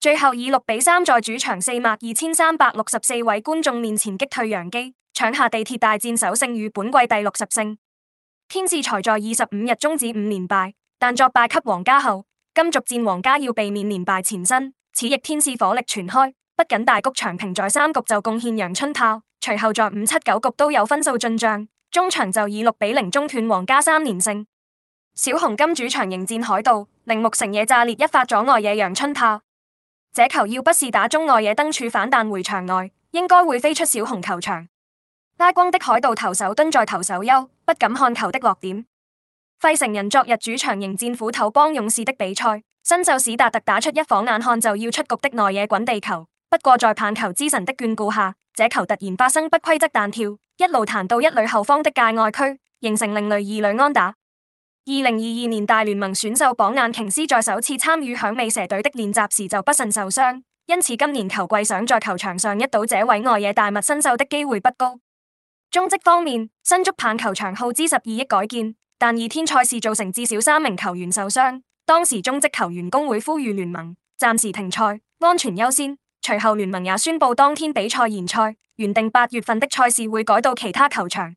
最後以六比三在主場四萬二千三百六十四位觀眾面前擊退洋基，搶下地鐵大戰首勝與本季第六十勝。天使才在二十五日終止五連敗，但作敗給皇家後，今續戰皇家要避免連敗纏身，此役天使火力全開，不僅大谷翔平在三局就貢獻陽春炮，隨後在五七九局都有分數進賬，中場就以六比零中斷皇家三連勝。小熊今主場迎戰海盜，鈴木誠也炸裂一發阻礙野陽春炮。這球要不是打中外野燈柱反彈回場內，應該會飛出小紅球場。拉光的海盜投手蹲在投手丘，不敢看球的落點。費城人昨日主場迎戰斧頭幫勇士的比賽，新秀史達特打出一晃眼看就要出局的內野滾地球，不過在棒球之神的眷顧下，這球突然發生不規則彈跳，一路彈到一壘後方的界外區，形成另類二壘安打。二零二二年大聯盟選秀榜眼瓊斯在首次參與響尾蛇隊的練習時就不慎受傷，因此今年球季想在球場上一睹這位外野大物新秀的機會不高。中職方面，新竹棒球場耗資十二億改建，但二天賽事造成至少三名球員受傷，當時中職球員工會呼籲聯盟暫時停賽，安全優先。隨後聯盟也宣佈當天比賽延賽，原定八月份的賽事會改到其他球場。